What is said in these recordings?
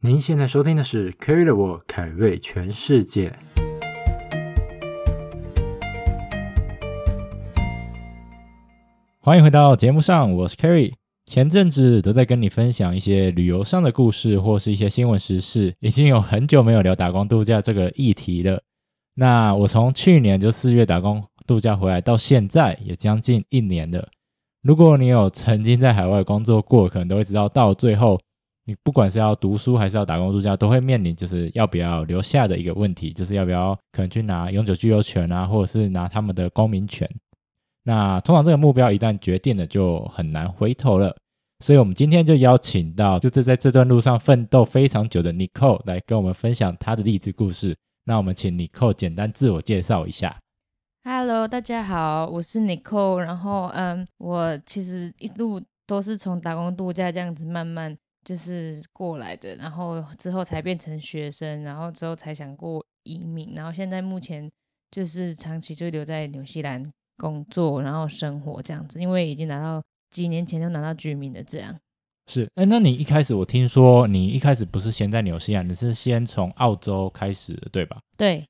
您現在收聽的是《Kerry the world》，凱瑞全世界。歡迎回到節目上，我是 Kerry。前陣子都在跟你分享一些旅遊上的故事，或是一些新聞時事。已經有很久沒有聊打工度假這個議題了。那我從去年就四月打工度假回來，到現在也將近一年了。如果你有曾經在海外工作過，可能都會知道，到最後。你不管是要讀書還是要打工度假，都會面臨就是要不要留下的一個問題，就是要不要可能去拿永久居留權啊，或者是拿他們的公民權。那通常這個目標一旦決定了，就很難回頭了。所以，我們今天就邀請到就是在這段路上奮鬥非常久的 Nicole 來跟我們分享她的勵志故事。那我們請 Nicole 簡單自我介紹一下。Hello，大家好，我是 Nicole。然後，嗯，我其實一路都是從打工度假這樣子慢慢。就是過來的，然後之後才變成學生，然後之後才想過移民，然後現在目前就是長期就留在紐西蘭工作，然後生活這樣子，因為已經拿到幾年前就拿到居民的這樣。是，哎，那你一開始我聽說你一開始不是先在紐西蘭，你是先從澳洲開始，對吧？對。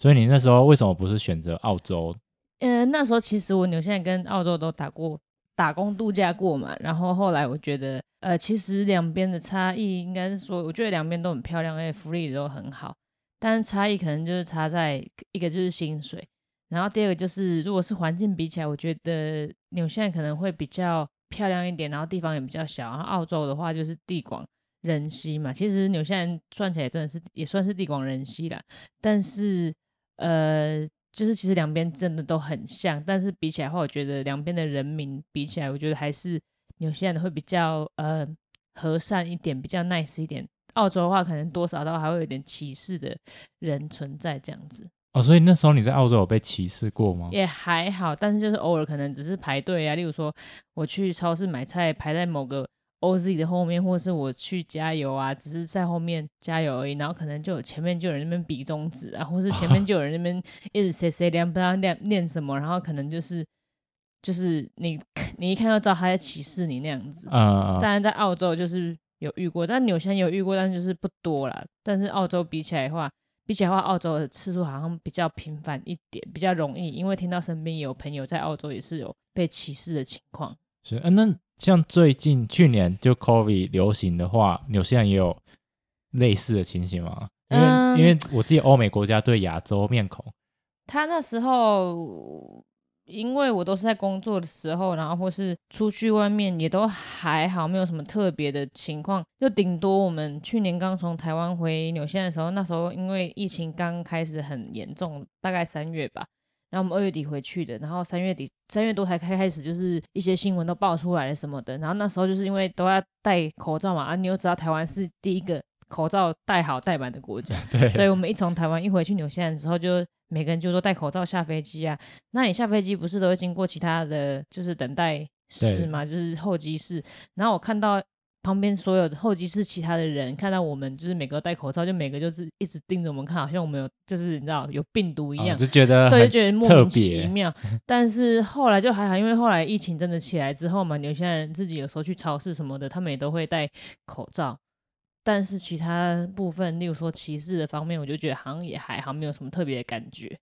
所以你那時候為什麼不是選擇澳洲？嗯，那時候其實我紐西蘭跟澳洲都打過。打工度假過嘛，然後後來我覺得，呃，其實兩邊的差異應該是說，我覺得兩邊都很漂亮，而且福利也都很好，但差異可能就是差在一個就是薪水，然後第二個就是如果是環境比起來，我覺得紐西蘭可能會比較漂亮一點，然後地方也比較小，然後澳洲的話就是地廣人稀嘛，其實紐西蘭算起來真的是也算是地廣人稀啦，但是，呃，就是其實兩邊真的都很像，但是比起來的話，我覺得兩邊的人民比起來，我覺得還是紐西蘭的會比較呃和善一點，比較 nice 一點。澳洲的話，可能多少都還會有點歧視的人存在這樣子。哦，所以那時候你在澳洲有被歧視過嗎？也還好，但是就是偶爾可能只是排隊啊，例如說我去超市買菜，排在某個。OZ 的後面，或是我去加油啊，只是在後面加油而已。然後可能就有前面就有人那邊比中指啊，或是前面就有人那邊一直 say say 不知道念念什麼。然後可能就是就是你你一看就知道他在歧視你那樣子。啊當然在澳洲就是有遇過，但紐西蘭有遇過，但就是不多啦。但是澳洲比起來的話，比起來的話澳洲的次數好像比較頻繁一點，比較容易，因為聽到身邊有朋友在澳洲也是有被歧視的情況。是啊，那像最近去年就 COVID 流行的話，紐西蘭也有類似的情形嗎？因為、嗯、因為我記得歐美國家對亞洲面孔，他那時候，因為我都是在工作的時候，然後或是出去外面也都還好，沒有什麼特別的情況。就頂多我們去年剛從台灣回紐西蘭的時候，那時候因為疫情剛開始很嚴重，大概三月吧。那我們二月底回去的，然後三月底三月多才開開始，就是一些新聞都爆出來了什麼的。然後那時候就是因為都要戴口罩嘛，啊，你又知道台灣是第一個口罩戴好戴滿的國家，所以我們一從台灣一回去紐西蘭的時候，就每個人就都戴口罩下飛機啊。那你下飛機不是都會經過其他的就是等待室嘛，就是候機室。然後我看到。旁邊所有的候機室其他的人看到我們，就是每個戴口罩，就每個就是一直盯着我們看，好像我們有就是你知道有病毒一樣，哦，就覺得特別。對，就覺得莫名其妙。但是後來就還好，因為後來疫情真的起來之後嘛，有些人自己有時候去超市什麼的，他們也都會戴口罩。但是其他部分，例如說歧視的方面，我就覺得好像也還好，沒有什麼特別的感覺。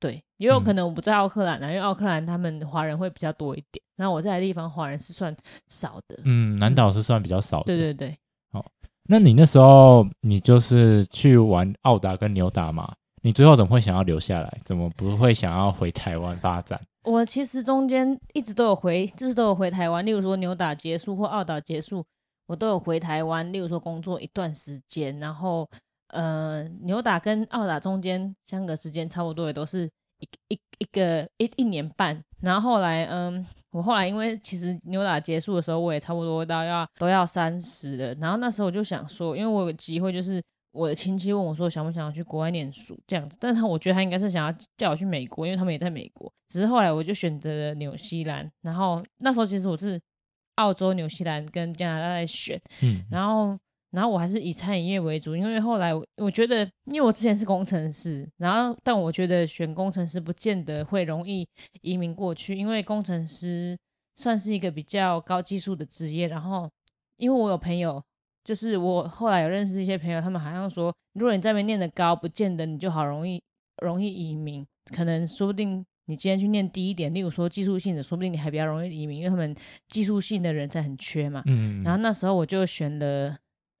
對，也有可能我不在奧克蘭、啊嗯、因為奧克蘭他們華人會比較多一點。那我在的地方華人是算少的，嗯，南島是算比較少的。嗯、對對對，好、哦，那你那時候你就是去玩澳打跟牛打嘛？你最後怎麼會想要留下來？怎麼不會想要回台灣發展？我其實中間一直都有回，就是都有回台灣。例如說牛打結束或澳打結束，我都有回台灣。例如說工作一段時間，然後。呃，紐打跟澳打中間相隔時間差不多，也都是一一一,一個一一年半。然後後來，嗯，我後來因為其實紐打結束的時候，我也差不多到要都要三十了。然後那時候我就想說，因為我有個機會，就是我的親戚問我說，想不想要去國外念書這樣子。但是他我覺得他應該是想要叫我去美國，因為他們也在美國。只是後來我就選擇了紐西蘭。然後那時候其實我是澳洲、紐西蘭跟加拿大在選，嗯，然後。然後我還是以餐飲業、業為主，因為後來我，我覺得，因為我之前是工程師，然後但我覺得選工程師不見得會容易移民過去，因為工程師算是一個比較高技術的職業。然後因為我有朋友，就是我後來有認識一些朋友，他們好像說，如果你這邊念得高，不見得你就好容易容易移民，可能說不定你今天去念低一點，例如說技術性的，說不定你還比較容易移民，因為他們技術性的人才很缺嘛。嗯。然後那時候我就選了。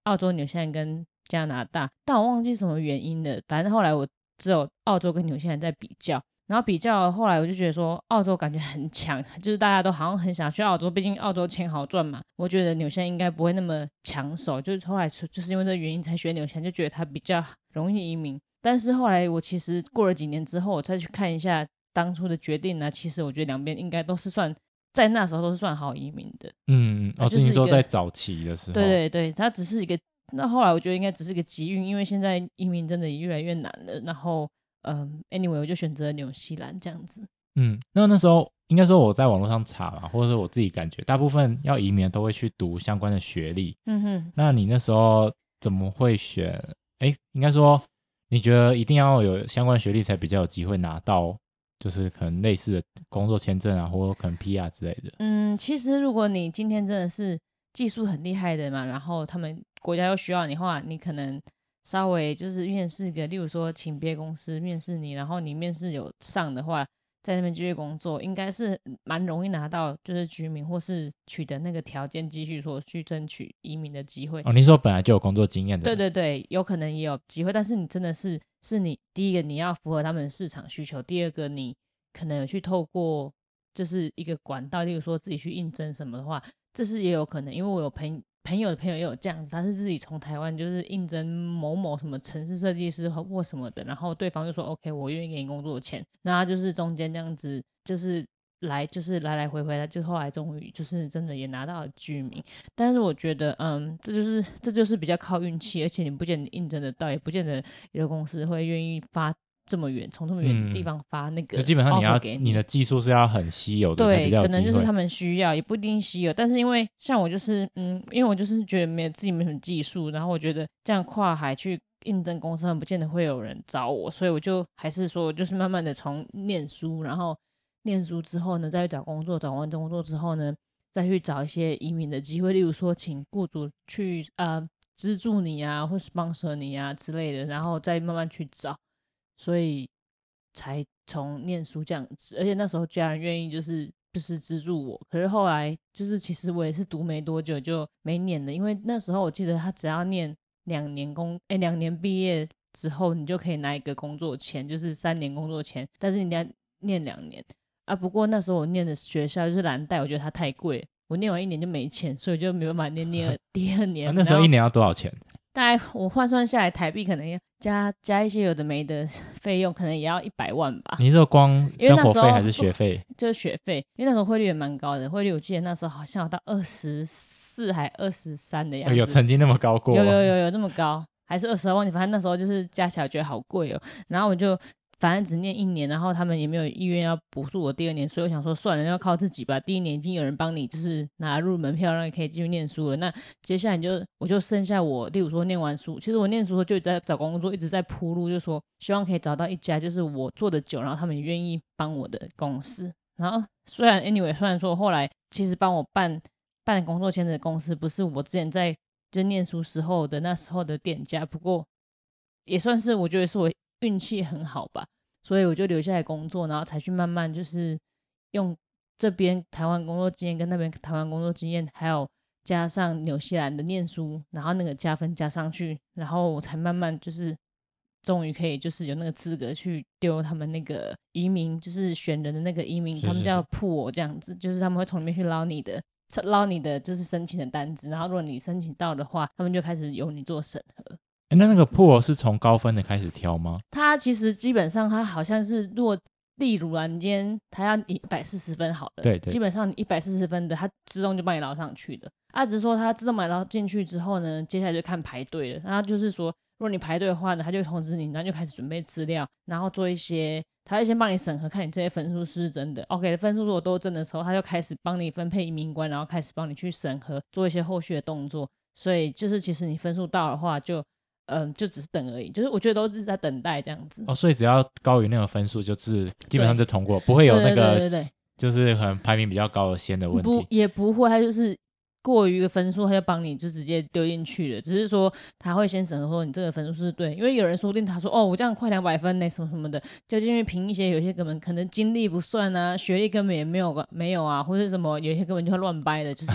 澳洲紐西蘭跟加拿大，但我忘記什麼原因了。反正後來我只有澳洲跟紐西蘭在比較，然後比較後來我就覺得說澳洲感覺很強，就是大家都好像很想去澳洲，畢竟澳洲錢好賺嘛。我覺得紐西蘭應該不會那麼搶手，就是後來就是因為這個原因才選紐西蘭，就覺得它比較容易移民。但是後來我其實過了幾年之後，我再去看一下當初的決定呢、啊，其實我覺得兩邊應該都是算。在那時候都是算好移民的，嗯，我、哦就是、你說在早期的時候，對對對，它只是一個，那後來我覺得應該只是一個機遇，因為現在移民真的越來越難了。然後，嗯，anyway，我就選擇了紐西蘭這樣子。嗯，那那時候應該說我在網絡上查了，或者是我自己感覺，大部分要移民都會去讀相關的學歷。嗯哼，那你那時候怎麼會選？哎、欸，應該說你覺得一定要有相關的學歷才比較有機會拿到？就是可能類似的工作簽證啊，或可能 PR 之類的。嗯，其實如果你今天真的是技術很厲害的嘛，然後他們國家又需要你的話，你可能稍微就是面試一個，例如說請別公司面試你，然後你面試有上的話。在那邊繼續工作，應該是蠻容易拿到，就是居民或是取得那個條件，繼續說去爭取移民的機會。哦，你說本來就有工作經驗的，對對對，有可能也有機會，但是你真的是，是你第一個你要符合他們市場需求，第二個你可能有去透過就是一個管道，例如說自己去應徵什麼的話，這是也有可能，因為我有朋友。朋友的朋友也有這樣子，他是自己從台灣就是應徵某某什麼城市設計師或什麼的，然後對方就說 OK，我願意給你工作簽，那他就是中間這樣子，就是來就是來來回回，他就後來終於就是真的也拿到了居民，但是我覺得嗯，這就是這就是比較靠運氣，而且你不見得應徵得到，也不見得有的公司會願意發。這麼遠，從這麼遠的地方發那個、嗯，基本上你要給你，你的技術是要很稀有的，對，可能就是他們需要，也不一定稀有。但是因為像我就是，嗯，因為我就是覺得沒有自己沒什麼技術，然後我覺得這樣跨海去應徵公司，不見得會有人找我，所以我就還是說，就是慢慢的從念書，然後念書之後呢，再去找工作，找完工作之後呢，再去找一些移民的機會，例如說請雇主去呃資助你啊，或是 sponsor 你啊之類的，然後再慢慢去找。所以才從念書這樣子，而且那時候家人願意就是就是資助我。可是後來就是其實我也是讀沒多久就沒念了，因為那時候我記得他只要念兩年工，哎、欸，兩年畢業之後你就可以拿一個工作簽，就是三年工作簽，但是人家念兩年啊。不過那時候我念的學校就是藍帶，我覺得它太貴，我念完一年就沒錢，所以就沒有辦法念念第二年、 啊。那時候一年要多少錢？大概我換算下來，台幣可能要加加一些有的沒的費用，可能也要一百萬吧。你是說光生活費還是學費？就是學費，因為那時候匯、就是、率也蠻高的，匯率我記得那時候好像有到二十四還二十三的樣子。有曾經那麼高過嗎？有有有有那麼高？還是二十二萬？反正那時候就是加起來覺得好貴哦、喔。然後我就。反正只念一年，然後他們也沒有意願要補助我第二年，所以我想說算了，要靠自己吧。第一年已經有人幫你，就是拿入門票，讓你可以繼續念書了。那接下來你就我就剩下我，例如說念完書，其實我念書的時候就在找工作，一直在鋪路，就是說希望可以找到一家就是我做的久，然後他們願意幫我的公司。然後雖然 anyway，雖然說後來其實幫我辦辦工作簽證的公司不是我之前在就念書時候的那時候的店家，不過也算是我覺得是我。運氣很好吧，所以我就留下來工作，然後才去慢慢就是用這邊台灣工作經驗跟那邊台灣工作經驗，還有加上紐西蘭的念書，然後那個加分加上去，然後我才慢慢就是終於可以就是有那個資格去丟他們那個移民，就是選人的那個移民，是是是他們叫鋪我這樣子，就是他們會從裡面去撈你的，撈你的就是申請的單子，然後如果你申請到的話，他們就開始由你做審核。欸、那那個破是從高分的開始挑嗎？他其實基本上他好像是，如果例如啊，你今天他要一百四十分好了，對，對，對，基本上一百四十分的，他自動就幫你撈上去的。啊，只是說他自動買到進去之後呢，接下來就看排隊了。然後就是說，如果你排隊的話呢，他就通知你，然後就開始準備資料，然後做一些，他會先幫你審核，看你這些分數是不是真的。OK 分數如果都真的時候，他就開始幫你分配移民官，然後開始幫你去審核，做一些後續的動作。所以就是其實你分數到的話就。嗯，就只是等而已，就是我覺得都是在等待這樣子。哦，所以只要高於那個分數，就是基本上就通過，不會有那個對對對對，就是可能排名比較高的先的問題。不，也不會，他就是。過於的分數，他就幫你就直接丟進去了。只是說他會先審核說你這個分數是對，因為有人說不定他說哦，我這樣快兩百分呢，什麼什麼的，就因為憑一些。有些根本可能經歷不算啊，學歷根本也沒有沒有啊，或者什麼，有些根本就會亂掰的，就是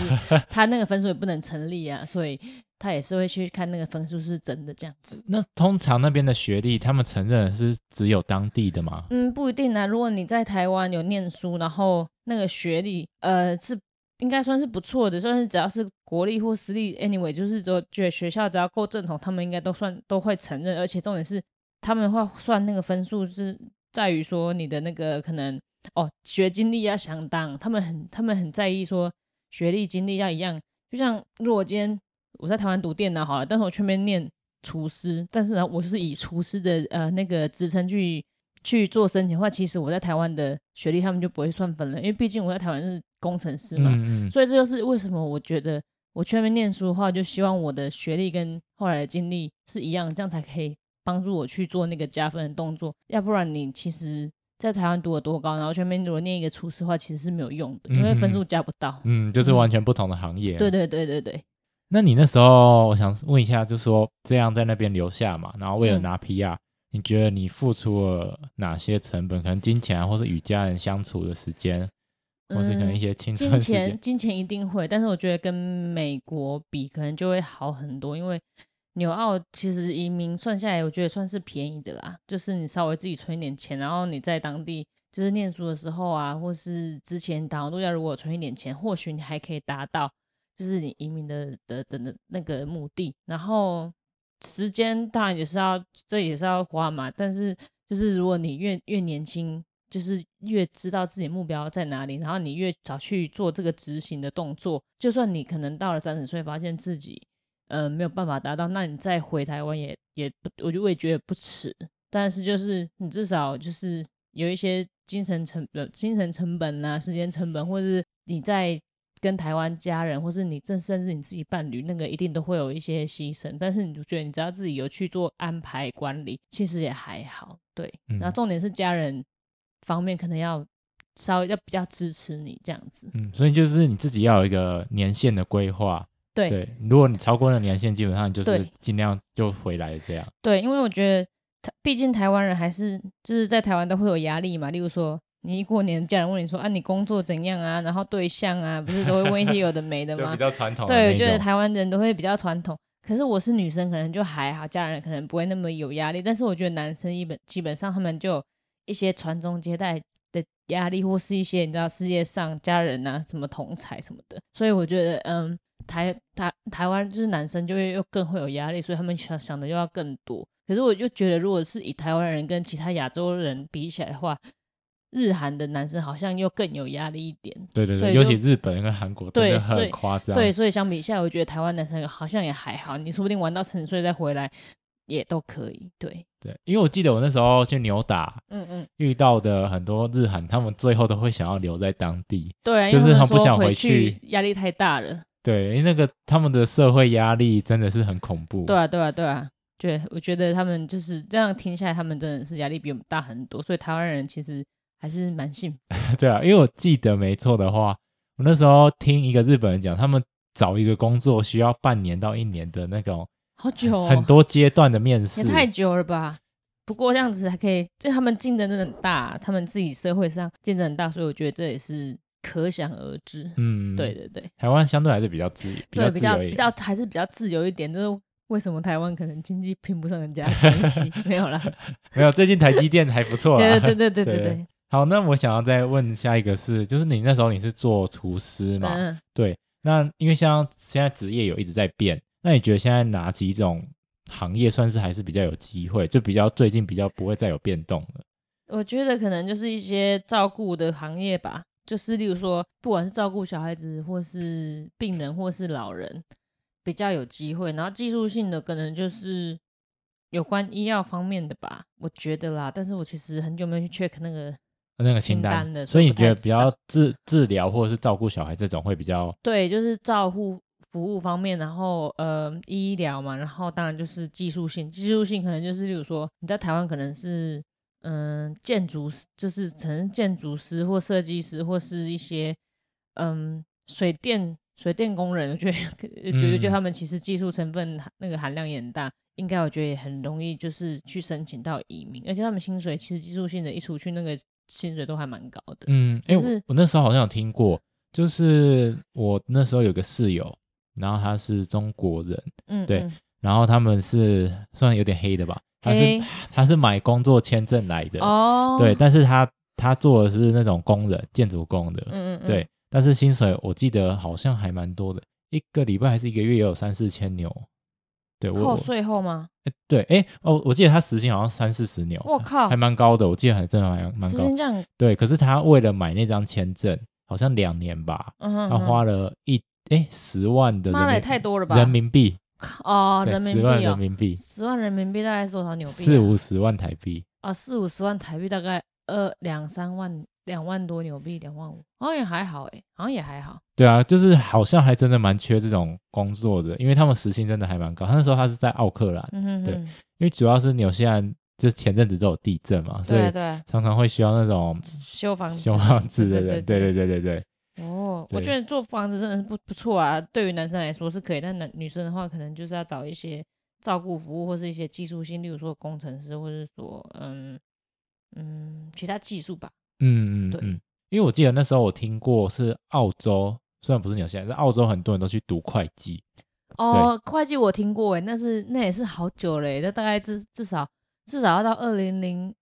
他那個分數也不能成立啊。 所以他也是會去看那個分數是真的這樣子。那通常那邊的學歷，他們承認是只有當地的嗎？嗯，不一定啊。如果你在台灣有念書，然後那個學歷，呃，是。應該算是不錯的，算是只要是國立或私立，anyway，就是說，覺得學校只要夠正統，他們應該都算都會承認，而且重點是他們會算那個分數是在於說你的那個可能哦，學經歷要相當，他們很他們很在意說學歷經歷要一樣，就像如果今天我在台灣讀電腦好了，但是我卻沒念廚師，但是呢，我就是以廚師的呃那個職稱去去做申請的話，其實我在台灣的學歷他們就不會算分了，因為畢竟我在台灣是。工程師嘛、嗯嗯，所以這就是為什麼我覺得我去那邊念書的話，就希望我的學歷跟後來的經歷是一樣，這樣才可以幫助我去做那個加分的動作。要不然，你其實，在台灣讀了多高，然後去那邊如果念一個廚師的話，其實是沒有用的，因為分數加不到。嗯，嗯，就是完全不同的行業、啊嗯。對對對對對。那你那時候，我想問一下，就說，這樣在那邊留下嘛，然後為了拿 PR、嗯、你覺得你付出了哪些成本？可能金錢啊，或是與家人相處的時間？一些青春的，嗯，金錢金錢一定會，但是我覺得跟美國比，可能就會好很多。因為紐澳其實移民算下來，我覺得算是便宜的啦。就是你稍微自己存一點錢，然後你在當地就是念書的時候啊，或是之前打工度假，如果存一點錢，或許你還可以達到就是你移民的的的那那個目的。然後時間當然也是要，這也是要花嘛。但是就是如果你越越年輕。就是越知道自己的目標在哪裡，然後你越早去做這個執行的動作。就算你可能到了三十歲，發現自己，呃，沒有辦法達到，那你再回台灣也也不，我就會覺得不遲。但是就是你至少就是有一些精神成精神成本啊，時間成本，或是你在跟台灣家人，或是你這甚至你自己伴侶，那個一定都會有一些犧牲。但是你就覺得，你只要自己有去做安排管理，其實也還好。對，嗯、然後重點是家人。方面可能要稍微要比較支持你這樣子，嗯，所以就是你自己要有一個年限的規劃，對，如果你超過了年限，基本上就是盡量就回來這樣。對，對因為我覺得，他畢竟台灣人還是就是在台灣都會有壓力嘛，例如說你一過年的家人問你說啊，你工作怎樣啊，啊，然後對象啊，不是都會問一些有的沒的嗎？ 就比較傳統。對，對，我覺得台灣人都會比較傳統。可是我是女生，可能就還好，家人可能不會那麼有壓力。但是我覺得男生一本基本上他們就。一些傳宗接代的壓力，或是一些你知道世界上家人啊，什麼同才什麼的，所以我覺得，嗯，台台台灣就是男生就會又更會有壓力，所以他們想想的又要更多。可是我就覺得，如果是以台灣人跟其他亞洲人比起來的話，日韓的男生好像又更有壓力一點。對對對，尤其日本跟韓國對，對很誇張。對，所以相比之下，我覺得台灣男生好像也還好。你說不定玩到三十歲再回來。也都可以，對對，因為我記得我那時候去紐打，嗯嗯，遇到的很多日韓，他們最後都會想要留在當地，對啊，就是說不想回去，回去壓力太大了，對，因為那個他們的社會壓力真的是很恐怖，對啊對啊對啊，對，我覺得他們就是這樣聽下來，他們真的是壓力比我們大很多，所以台灣人其實還是蠻幸福， 對啊，因為我記得沒錯的話，我那時候聽一個日本人講，他們找一個工作需要半年到一年的那種。好久、哦，很多階段的面試也太久了吧？不過這樣子還可以，就他們競爭真的很大，他們自己社會上競爭很大，所以我覺得這也是可想而知。嗯，對對對，台灣相對還是比較自由，對比較對比較，比較還是比較自由一點。就是為什麼台灣可能經濟拼不上人家的關係？ 沒有啦，沒有。最近台積電還不錯。 對對對對對對、對、對、對對對對。好，那我想要再問下一個是，就是你那時候你是做廚師嘛、嗯？對，那因為像現在職業有一直在變。那你覺得現在哪幾種行業算是還是比較有機會？就比較最近比較不會再有變動了？我覺得可能就是一些照顧的行業吧，就是例如說，不管是照顧小孩子，或是病人，或是老人，比較有機會。然後技術性的可能就是有關醫藥方面的吧，我覺得啦。但是我其實很久沒有去 check 那個那個清單的、哦那個清單，所以你覺得比較治治療或是照顧小孩這種會比較對，就是照顧。服務方面，然後呃醫療嘛，然後當然就是技術性，技術性可能就是例如說你在台灣可能是嗯、呃、建築，就是成建築師或設計師或是一些嗯、呃、水電水電工人，我覺得覺得他們其實技術成分那個含量也很大，嗯，應該我覺得也很容易就是去申請到移民，而且他們薪水其實技術性的一出去那個薪水都還蠻高的。嗯、哎、欸、我，我那時候好像有聽過，就是我那時候有個室友。然後他是中國人，嗯，對，嗯、然後他們是算有點黑的吧，他是他是買工作簽證來的，哦，對，但是他他做的是那種工人，建築工的，嗯嗯對嗯，但是薪水我記得好像還蠻多的，一個禮拜還是一個月也有三四千牛，對，扣稅後，後嗎？對，哎，哦，我記得他時薪好像三四十牛，我、哦、靠，還蠻高的，我記得還真的好像蠻高，對，可是他為了買那張簽證，好像兩年吧，嗯、哼哼他花了一。哎，十萬的，媽的，也太多了吧！人民幣哦，人民幣、哦、十萬人民幣，十萬人民幣大概是多少紐幣、啊？四五十萬台幣啊、哦，四五十萬台幣大概呃兩三萬，兩萬多紐幣，兩萬五，好、哦、像也還好誒，哎、哦，好像、哦、也還好。對啊，就是好像還真的蠻缺這種工作的，因為他們時薪真的還蠻高。他那時候他是在奧克蘭，嗯哼哼對，因為主要是紐西蘭就是前陣子都有地震嘛，對啊對啊。常常會需要那種修房子，修房子，的人。對對對對對，對，對，對。哦，我覺得做房子真的是不不錯啊。對於男生來說是可以，但男女生的話，可能就是要找一些照顧服務或是一些技術性，例如說工程師，或者是說嗯嗯其他技術吧。嗯對嗯對、嗯，因為我記得那時候我聽過是澳洲，雖然不是紐西蘭，但澳洲很多人都去讀會計。哦，會計我聽過哎、欸，那是那也是好久嘞、欸，那大概至至少至少要到二零零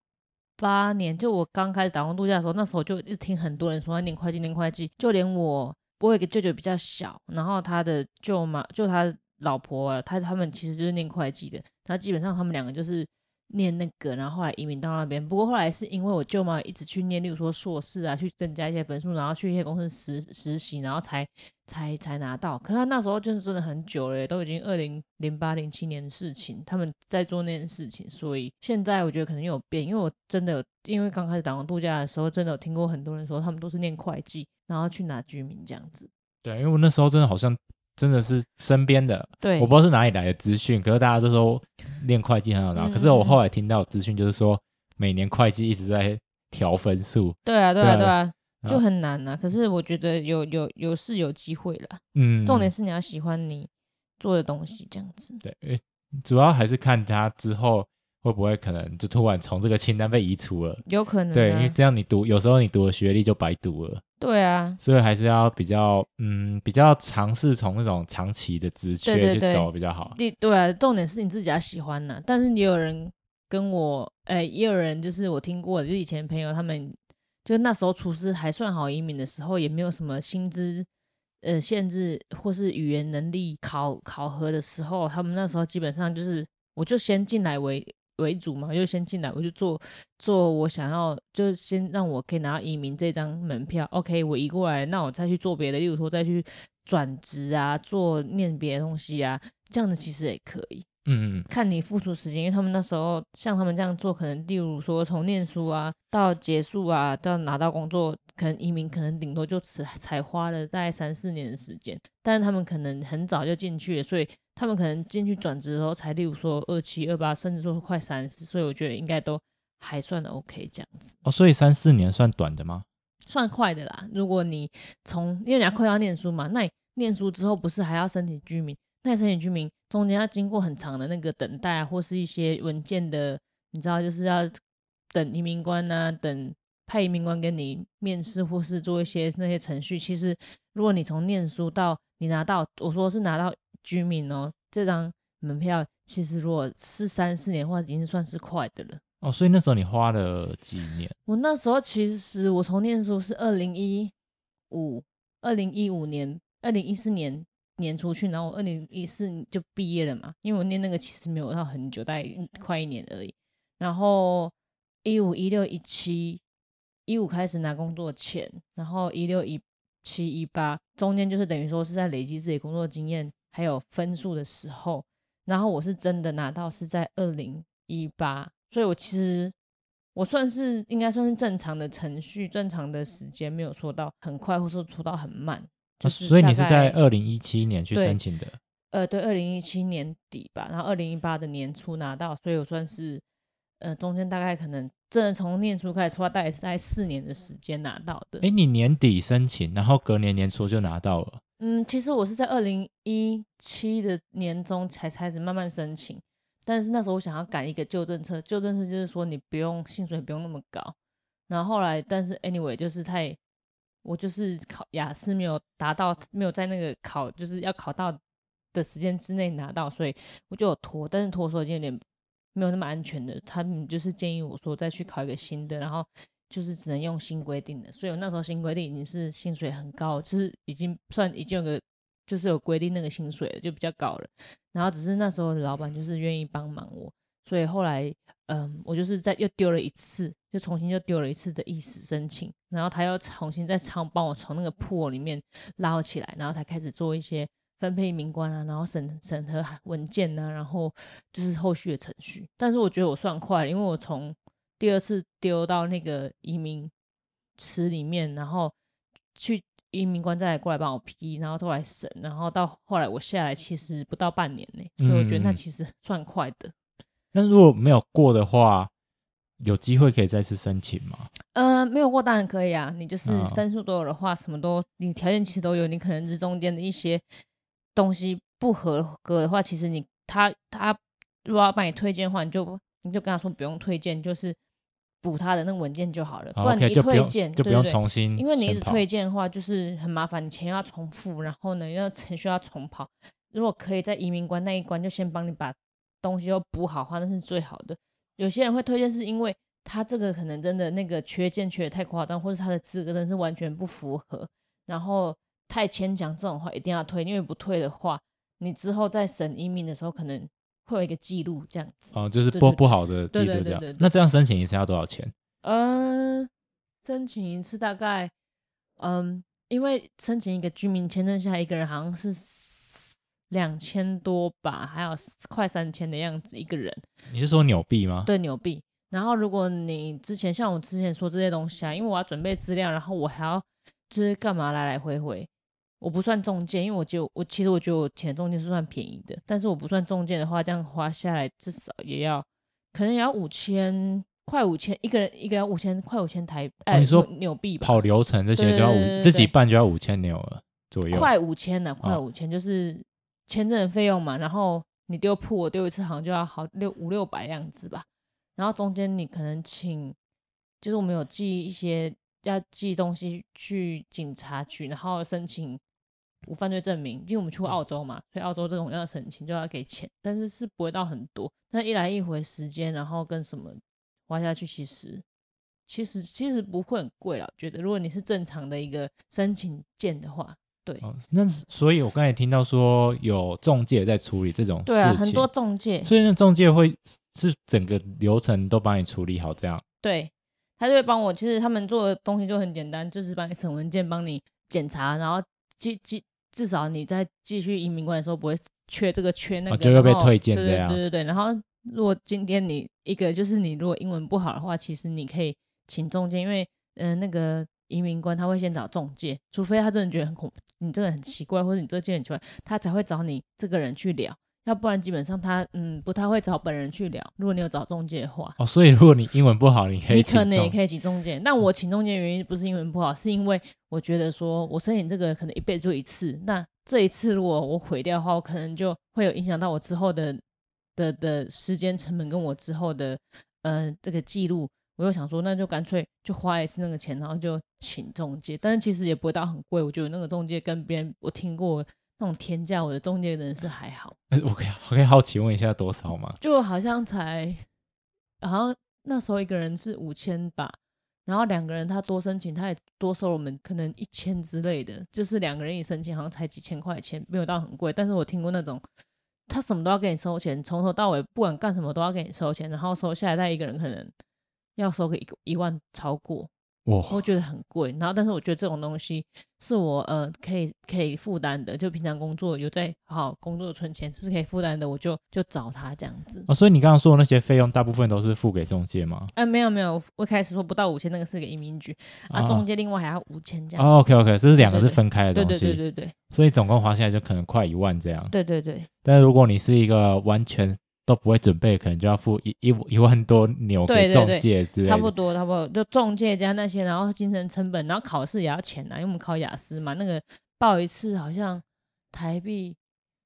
八年，就我剛開始打工度假的時候，那時候就一聽很多人說他念會計，念會計，就連我我有個舅舅比較小，然後他的舅媽就他老婆啊，他他們其實就是念會計的，那基本上他們兩個就是。念那個，然後後來移民到那邊。不過後來是因為我舅媽一直去念，例如說碩士啊，去增加一些分數，然後去一些公司實實習，然後才才才拿到。可是他那時候就是真的很久了，都已經二零零八零七年的事情，他們在做那件事情，所以現在我覺得可能有變。因為我真的有，因為剛開始打工度假的時候，真的有聽過很多人說，他們都是念會計，然後去拿居民這樣子。對啊，因為我那時候真的好像。真的是身邊的，對，我不知道是哪裡來的資訊，可是大家都說練會計很好拿，嗯，可是我後來聽到資訊就是說，每年會計一直在調分數，啊啊，對啊，對啊，對啊，就很難啊。啊可是我覺得有有有是有機會啦。嗯，重點是你要喜歡你做的東西，這樣子。對，主要還是看他之後會不會可能就突然從這個清單被移除了，有可能，啊。對，因為這樣你讀，有時候你讀的學歷就白讀了。對啊，所以還是要比較，嗯，比較嘗試從那種長期的職缺去走比較好。你對啊，重點是你自己要喜歡呢、啊。但是也有人跟我，哎，也有人就是我聽過的，就以前朋友他們，就那時候廚師還算好移民的時候，也沒有什麼薪資呃限制或是語言能力考考核的時候，他們那時候基本上就是我就先進來為，為主嘛，我就先進來，我就做做我想要，就先讓我可以拿到移民這張門票。OK，我移過來，那我再去做別的，例如說再去轉職啊，做念別的東西啊，這樣子其實也可以。嗯嗯，看你付出時間，因為他們那時候像他們這樣做，可能例如說從念書啊到結束啊到拿到工作，可能移民可能頂多就才才花了大概三四年的時間，但是他們可能很早就進去了，所以。他們可能進去轉職的時候才，例如說二七二八，甚至說快三十，所以我覺得應該都還算 OK 這樣子。哦，所以三四年算短的嗎？算快的啦。如果你從，因為你要快要念書嘛，那你念書之後不是還要申請居民？那你申請居民中間要經過很長的那個等待啊，或是一些文件的，你知道就是要等移民官啊，等派移民官跟你面試，或是做一些那些程序。其實如果你從念書到你拿到，我說是拿到。居民哦，這張門票其實如果是三四年的話，已經算是快的了哦。所以那時候你花了幾年？我那時候其實我從念書是二零一五，二零一五年，二零一四年年出去，然後我二零一四就畢業了嘛。因為我念那個其實沒有到很久，大概快一年而已。然後一五一六一七，一五開始拿工作簽，然後一六一七一八，中間就是等於說是在累積自己工作經驗還有分數的時候，然後我是真的拿到是在二零一八，所以我其實我算是應該算是正常的程序，正常的時間沒有說到很快，或者說拖到很慢。就是、啊、所以你是在二零一七年去申請的，呃，對，二零一七年底吧，然後二零一八的年初拿到，所以我算是呃中間大概可能真的從年初開始出發，大概是在四年的時間拿到的。誒、欸，你年底申請，然後隔年年初就拿到了。嗯，其實我是在二零一七的年中才開始慢慢申請，但是那時候我想要趕一個舊政策，舊政策就是說你不用薪水不用那麼高，然後後來但是 anyway 就是太，我就是考雅思沒有達到，沒有在那個考就是要考到的時間之內拿到，所以我就有拖，但是拖的時候已經有點沒有那麼安全的，他們就是建議我說再去考一個新的，然後。就是只能用新規定的，所以我那時候新規定已經是薪水很高，就是已經算已經有個就是有規定那個薪水了，就比較高了。然後只是那時候的老闆就是願意幫忙我，所以後來嗯，我就是再又丟了一次，就重新又丟了一次的意思申請，然後他又重新再幫幫我從那個 pool 裡面撈起來，然後才開始做一些分配名官啊，然後審審核文件啊，然後就是後續的程序。但是我覺得我算快了，因為我從。第二次丟到那個移民池裡面，然後去移民官再來過來幫我批，然後都來審，然後到後來我下來其實不到半年呢、嗯，所以我覺得那其實算快的。那如果沒有過的話，有機會可以再次申請嗎？呃，沒有過當然可以啊，你就是分數都有的話，啊、什麼都你條件其實都有，你可能是中間的一些東西不合格的話，其實你他他如果要幫你推薦的話，你就你就跟他說不用推薦，就是。補他的那個文件就好了，好，不然你退件，就不用重對不對？因為你一直退件的話，就是很麻煩，你錢要重複，然後呢，又要程序要重跑。如果可以在移民官那一關就先幫你把東西又補好話，那是最好的。有些人會退件，是因為他這個可能真的那個缺件缺的太誇張，或者他的資格真是完全不符合，然後太牽強這種話一定要退，因為不退的話，你之後再審移民的時候可能，會有一個記錄這樣子，哦，就是不對對對，不好的記錄這樣對對對對對對對。那這樣申請一次要多少錢？嗯、呃，申請一次大概，嗯，因為申請一個居民簽證下一個人好像是兩千多吧，還有快三千的樣子一個人。你是說紐幣嗎？對，紐幣。然後如果你之前像我之前說這些東西啊，因為我要準備資料，然後我還要就是幹嘛來來回回。我不算中介，因為我就我,我其實我覺得我錢中介是算便宜的，但是我不算中介的話，這樣花下來至少也要，可能也要五千快五千一個人一個要五千快五千台幣、欸哦。你說紐幣吧，跑流程這些就要五，自己辦就要五千紐爾左右，快五千呢，快五千、啊哦、就是簽證的費用嘛，然後你丟鋪我丟一次好像就要好六五六百樣子吧，然後中間你可能請，就是我們有寄一些要寄東西去警察局，然後申請。無犯罪證明，因為我們去澳洲嘛，所以澳洲這種要申請就要給錢，但是是不會到很多。那一來一回時間，然後跟什麼花下去其，其實其實其實不會很貴了。我覺得，如果你是正常的一個申請件的話，對。哦，那所以，我剛才聽到說有仲介在處理這種事情。對啊，很多仲介，所以那仲介會是整個流程都幫你處理好？這樣對。他就會幫我，其實他們做的東西就很簡單，就是幫你審文件，幫你檢查，然後寄寄。接至少你在繼續移民官的時候不會缺這個缺那個，哦、就會被推薦這樣。對對對，對，然後如果今天你一個就是你如果英文不好的話，其實你可以請中介，因為嗯、呃、那個移民官他會先找中介，除非他真的覺得很恐怖，你真的很奇怪，或者你這件很奇怪，他才會找你這個人去聊。要不然基本上他嗯不太會找本人去聊，如果你有找中介的話。哦，所以如果你英文不好，你可以，你可能也可以請中介。那、嗯、我請中介的原因不是英文不好，是因為我覺得說我申請這個可能一輩子一次。那這一次如果我毀掉的話，我可能就會有影響到我之後的的的，的時間成本跟我之後的嗯、呃、這個記錄。我又想說，那就乾脆就花一次那個錢，然後就請中介。但是其實也不會到很貴，我覺得那個中介跟別人我聽過。那種天價，我的中介人是還好。OK，我可以好奇問一下多少嗎？就好像才，好像那時候一個人是五千吧，然後兩個人他多申請，他也多收了我們可能一千之類的，就是兩個人一申請好像才幾千塊錢，沒有到很貴。但是我聽過那種，他什麼都要給你收錢，從頭到尾不管幹什麼都要給你收錢，然後收下來一個人可能要收個一一萬超過。Oh. 我覺得很貴，然後但是我覺得這種東西是我呃可以可以負擔的，就平常工作有在好工作存錢是可以負擔的，我就就找他這樣子。哦，所以你剛剛說的那些費用大部分都是付給中介嗎？啊，沒有沒有，我一開始說不到五千那個是給移民局啊，啊，中介另外還要五千這樣子，啊。OK OK，這是兩個是分開的東西，對對對對對，對，對，對。所以總共花下來就可能快一萬這樣。對對對，對。但如果你是一個完全，都不會準備，可能就要付一一一萬多紐幣中介之類的，差不多差不多就中介加那些，然後精神成本，然後考試也要錢啊，因為我們考雅思嘛，那個報一次好像台幣，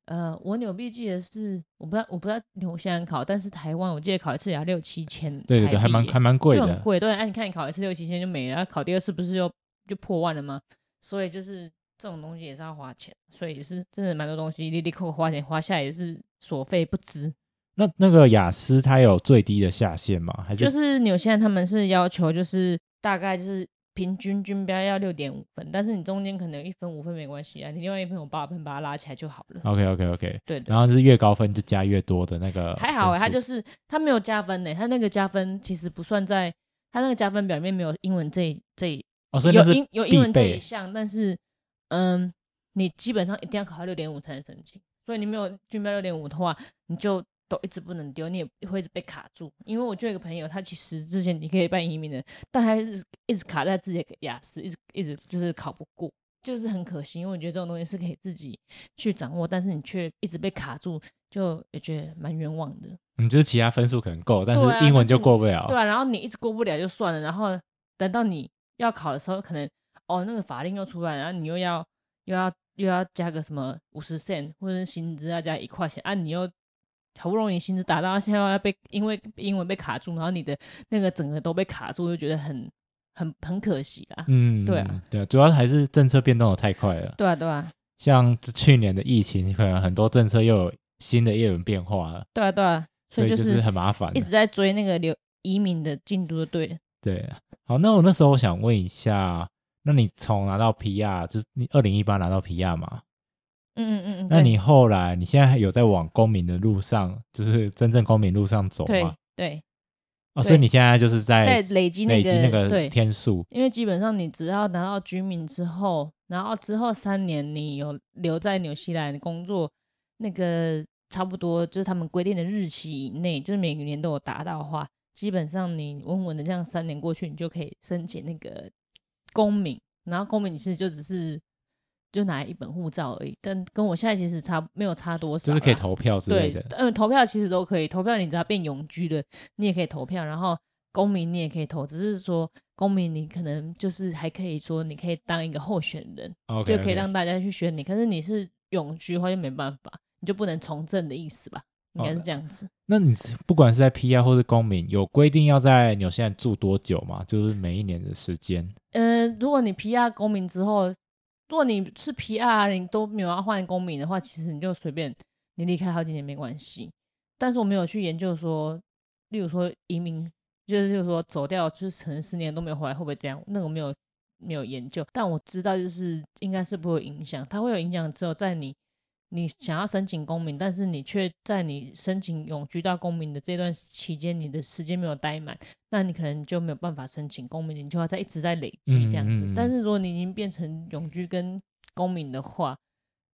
呃，我紐幣記得是我不知道我不知道我現在考，但是台灣我記得考一次也要六七千，對,對對對，還蠻還蠻貴的，就很貴。對，哎、啊，你看你考一次六七千就沒了，考第二次不是就就破萬了嗎？所以就是這種東西也是要花錢，所以也是真的蠻多東西，你立,立刻花錢花下也是所費不值。那那個雅思它有最低的下限嗎？還是就是紐西蘭他們是要求就是大概就是平均均標要六點五分，但是你中間可能有一分五分沒關係啊，你另外一分我八分我把它拉起來就好了。OK OK OK，對，對,對，然後是越高分就加越多的那個，還好哎、欸，他就是他沒有加分呢、欸，他那個加分其實不算在，他那個加分表裡面沒有英文這一這一哦，所以那是有英有英文這一項，但是嗯，你基本上一定要考到六點五才能申請，所以你沒有均標六點五的話，你就都一直不能丟，你也會一直被卡住。因為我就有一個朋友，他其實之前你可以辦移民的，但他一直卡在自己的雅思，一直一直就是考不過，就是很可惜。因為我覺得這種東西是可以自己去掌握，但是你卻一直被卡住，就也覺得蠻冤枉的。你覺得其他分數可能夠，但是英文就過不了，對啊。對啊，然後你一直過不了就算了，然後等到你要考的時候，可能，哦，那個法令又出來，然後你又要又要又要加個什麼五十 cent 或者是薪資要加一塊錢啊，你又。好不容易薪資達到，現在要被因為英文被卡住，然後你的那個整個都被卡住，就覺得很很很可惜啦。嗯，對啊，對，主要還是政策變動的太快了。對啊，對啊。像這去年的疫情，可能很多政策又有新的一輪變化了。對啊，對啊。所以就是很麻煩，一直在追那個流移民的進度，就對了。對啊。好，那我那時候我想問一下，那你從拿到 PR，就是你二零一八拿到 PR 嘛？嗯嗯嗯，那你後來你現在有在往公民的路上，就是真正公民路上走嗎？對。對。對哦，所以你現在就是在，在累積、那個、那個天數。因為基本上你只要拿到居民之後，然後之後三年你有留在紐西蘭工作，那個差不多就是他們規定的日期以內，就是每個年都有達到的話，基本上你穩穩的這樣三年過去，你就可以申請那個公民。然後公民，你是就只是。就拿一本護照而已，但跟我現在其實差沒有差多少，就是可以投票之類的。嗯，投票其實都可以，投票你只要變永居的，你也可以投票，然後公民你也可以投。只是說公民你可能就是還可以說你可以當一個候選人，okay, okay. 就可以讓大家去選你。可是你是永居的話就沒辦法，你就不能從政的意思吧？應該是這樣子。Okay. 那你不管是在 PR 或是公民，有規定要在紐西蘭住多久嗎？就是每一年的時間？嗯、呃，如果你 PR 公民之後。如果你是 PR 你都沒有要換公民的話，其實你就隨便你離開好幾年沒關係。但是我沒有去研究說，例如說移民就是就是說走掉就是成十年都沒有回來會不會這樣？那個沒有沒有研究。但我知道就是應該是不會有影響，它會有影響只有在你。你想要申請公民，但是你卻在你申請永居到公民的這段期間，你的時間沒有待滿，那你可能就沒有辦法申請公民，你就要在一直在累積這樣子、嗯嗯嗯。但是如果你已經變成永居跟公民的話，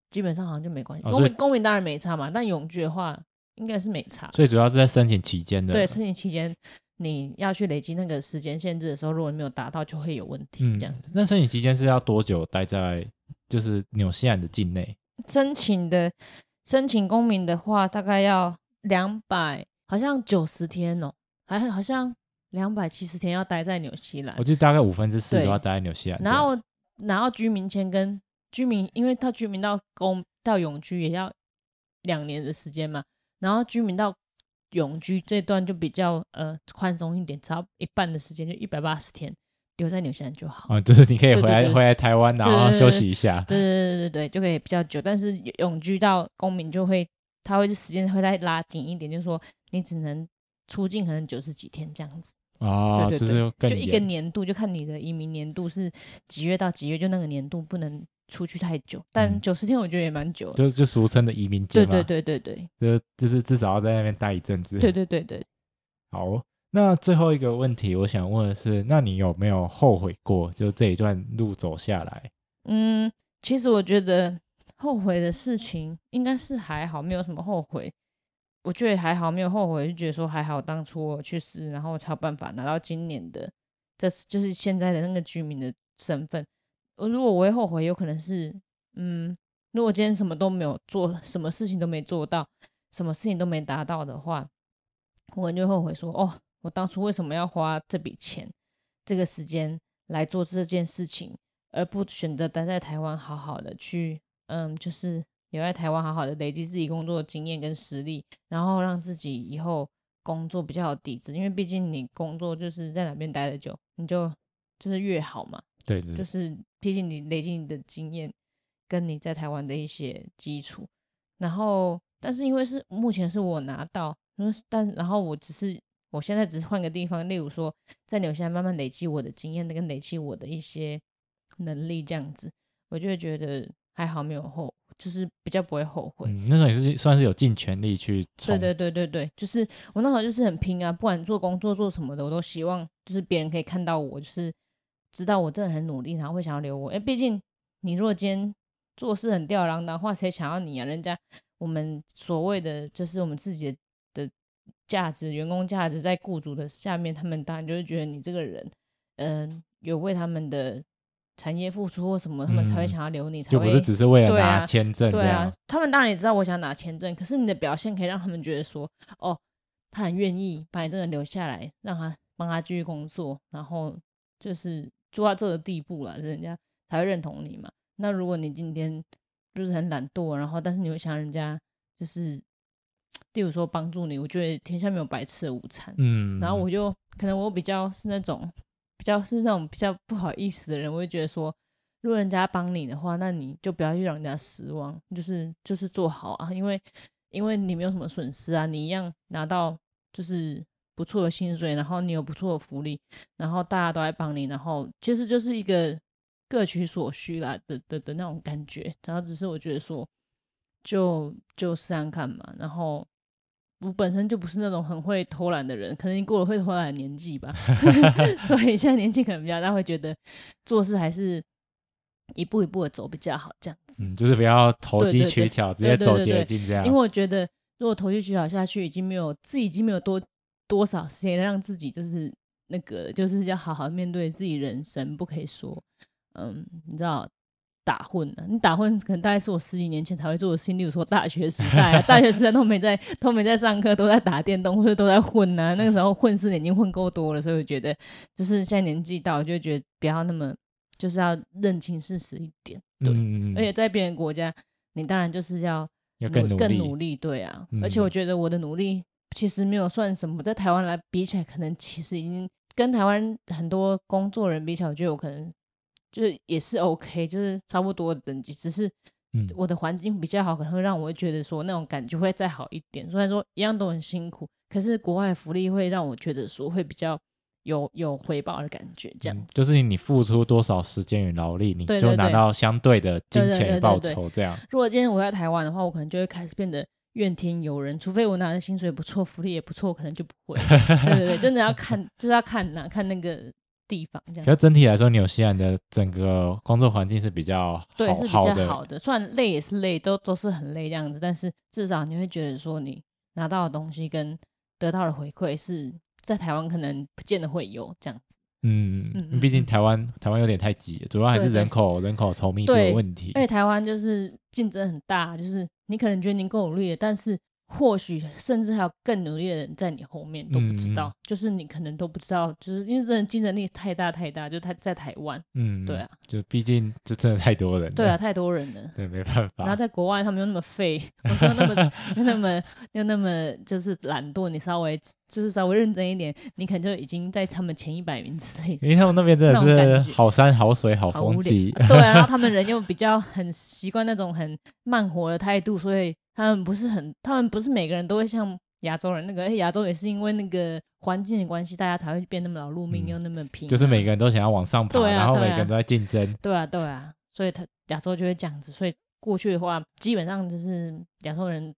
基本上好像就沒關係、哦。公民公民當然沒差嘛，但永居的話應該是沒差。所以主要是在申請期間的，對申請期間你要去累積那個時間限制的時候，如果你沒有達到，就會有問題這樣子。那、嗯、申請期間是要多久待在就是紐西蘭的境內？申請的申請公民的話，大概要兩百，好像九十天哦，還好像兩百七十天要待在紐西蘭。我記得大概五分之四都要待在紐西蘭。然後，然後，然後居民簽跟居民，因為他居民到公到永居也要兩年的時間嘛。然後居民到永居這段就比較呃寬鬆一點，只要一半的時間，就一百八十天。留在紐西蘭就好啊。哦，就是你可以回來，對對對，回來台灣，然後休息一下。對對對對對，就可以比較久，但是永居到公民就會，他會就時間會再拉緊一點，就是說你只能出境可能九十幾天這樣子哦，對，對，對，就是就一個年度，就看你的移民年度是幾月到幾月，就那個年度不能出去太久。但九十天我覺得也蠻久，嗯，就就俗稱的移民節嘛，對，對對對對對，就就是至少要在那邊待一陣子。對對對對，好。那最後一個問題，我想問的是，那你有沒有後悔過？就這一段路走下來，嗯，其實我覺得後悔的事情應該是還好，沒有什麼後悔。我覺得還好，沒有後悔，就覺得說還好，當初我去試，然後才有辦法拿到今年的，這就是現在的那個居民的身份。我如果我會後悔，有可能是，嗯，如果今天什麼都沒有做，什麼事情都沒做到，什麼事情都沒達到的話，我就後悔說，哦。我當初為什麼要花這筆錢、這個時間來做這件事情，而不選擇待在台灣好好的去，嗯，就是留在台灣好好的累積自己工作經驗跟實力，然後讓自己以後工作比較有底子。因為畢竟你工作就是在哪邊待的久，你就就是越好嘛。對，對，就是畢竟你累積你的經驗，跟你在台灣的一些基礎。然後，但是因為是目前是我拿到，嗯，但然後我只是。我現在只是換個地方，例如說，在留下來慢慢累積我的經驗，那個累積我的一些能力，這樣子，我就會覺得還好，沒有後，就是比較不會後悔。嗯，那時候也是算是有盡全力去。對對對對對，就是我那時候就是很拼啊，不管做工作做什麼的，我都希望就是別人可以看到我，就是知道我真的很努力，然後會想要留我。哎，畢竟你若今天做事很吊兒郎當的話，誰想要你啊？人家我們所謂的就是我們自己的。價值，員工價值在雇主的下面，他們當然就會覺得你這個人，嗯、呃，有為他們的產業付出或什麼，他們才會想要留你。嗯、才就不是只是為了拿簽證這樣，對啊。他們當然也知道我想要拿簽證，可是你的表現可以讓他們覺得說，哦，他很願意把你這個人留下來，讓他幫他繼續工作，然後就是做到這個地步了，就是、人家才會認同你嘛。那如果你今天就是很懶惰，然後但是你會想人家就是。例如說幫助你，我覺得天下沒有白吃的午餐。嗯，然後我就可能我比較是那種比較是那種比較不好意思的人，我就覺得說，如果人家幫你的話，那你就不要去讓人家失望，就是就是做好啊，因為因為你沒有什麼損失啊，你一樣拿到就是不錯的薪水，然後你有不錯的福利，然後大家都在幫你，然後其實就是一個各取所需啦的的的，的那種感覺，然後只是我覺得說，就就試試看嘛，然後。我本身就不是那種很會偷懶的人，可能過了會偷懶的年紀吧， 所以現在年紀可能比較大會覺得做事還是一步一步的走比較好，這樣子。嗯，就是不要投機取巧，對對對，直接走捷徑這樣，對對對對對。因為我覺得如果投機取巧下去，已經沒有自己已經沒有多多少時間讓自己就是那個就是要好好面對自己人生，不可以說嗯，你知道。打混呢、啊？你打混可能大概是我十幾年前才會做的事情，比如說大學時代、啊， 大學時代都沒在，都沒在上課，都在打電動，或者都在混呢、啊。那個時候混是已經混夠多了，所以我覺得就是現在年紀到，就覺得不要那麼，就是要認清事實一點。對，嗯嗯嗯而且在別人國家，你當然就是要努要更努，更努力，對啊嗯嗯。而且我覺得我的努力其實沒有算什麼，在台灣來比起來，可能其實已經跟台灣很多工作人比起來，我覺得我可能。就是也是 OK，就是差不多的等級，只是我的環境比較好，可能會讓我會覺得說那種感覺會再好一點。雖然說一樣都很辛苦，可是國外福利會讓我覺得說會比較有有回報的感覺。這樣子、嗯、就是你付出多少時間與勞力，你就拿到相對的金錢報酬。這樣。對對對對對對，如果今天我在台灣的話，我可能就會開始變得怨天尤人，除非我拿的薪水不錯，福利也不錯，可能就不會。 對對對，真的要看，就是要看哪、啊、看那個。地方這樣，可是整體來說，紐西蘭的整個工作環境是比較好，對，是比較好的。雖然累也是累，都都是很累這樣子，但是至少你會覺得說，你拿到的東西跟得到的回饋是，在台灣可能不見得會有這樣子。嗯，畢竟台灣台灣有點太擠，主要還是人口人口稠密的問題。對，對，對，對，而且台灣就是競爭很大，就是你可能覺得你夠努力的，但是。或許甚至還有更努力的人在你後面都不知道，嗯、就是你可能都不知道，就是因為人競爭力太大太大，就他在台灣，嗯，對啊，就畢竟就真的太多人，對啊，太多人了，對，沒辦法。然後在國外，他們又那麼廢，我那麼 又那麼又那麼又那麼就是懶惰，你稍微就是稍微認真一點，你可能就已經在他們前一百名之內。因為他們那邊真的是好山好水好風景，對、啊，然後他們人又比較很習慣那種很慢活的態度，所以。他們不是很，他們不是每個人都會像亞洲人那個，而、欸、亞洲也是因為那個環境的關係，大家才會變那麼勞碌命、嗯、又那麼拼。就是每個人都想要往上爬，啊、然後每個人都在競爭對、啊。對啊，對啊。所以他，他亞洲就會這樣子。所以，過去的話，基本上就是亞洲人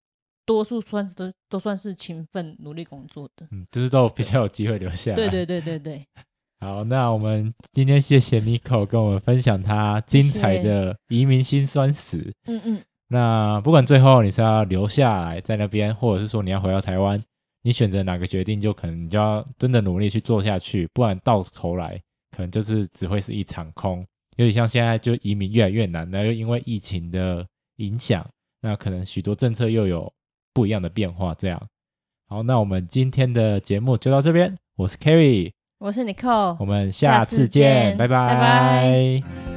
多數算是都都算是勤奮努力工作的，嗯，就是都比較有機會留下來。對,對對對對對。好，那我們今天謝謝 Nico 跟我們分享他精彩的移民辛酸史。嗯嗯。嗯那不管最後你是要留下來在那邊，或者是說你要回到台灣，你選擇哪個決定，就可能你就要真的努力去做下去，不然到頭來可能就是只會是一場空。尤其像現在就移民越來越難，那又因為疫情的影響，那可能許多政策又有不一樣的變化。這樣，好，那我們今天的節目就到這邊，我是 Kerry，我是 Nicole，我們下次，下次見，拜拜。拜拜。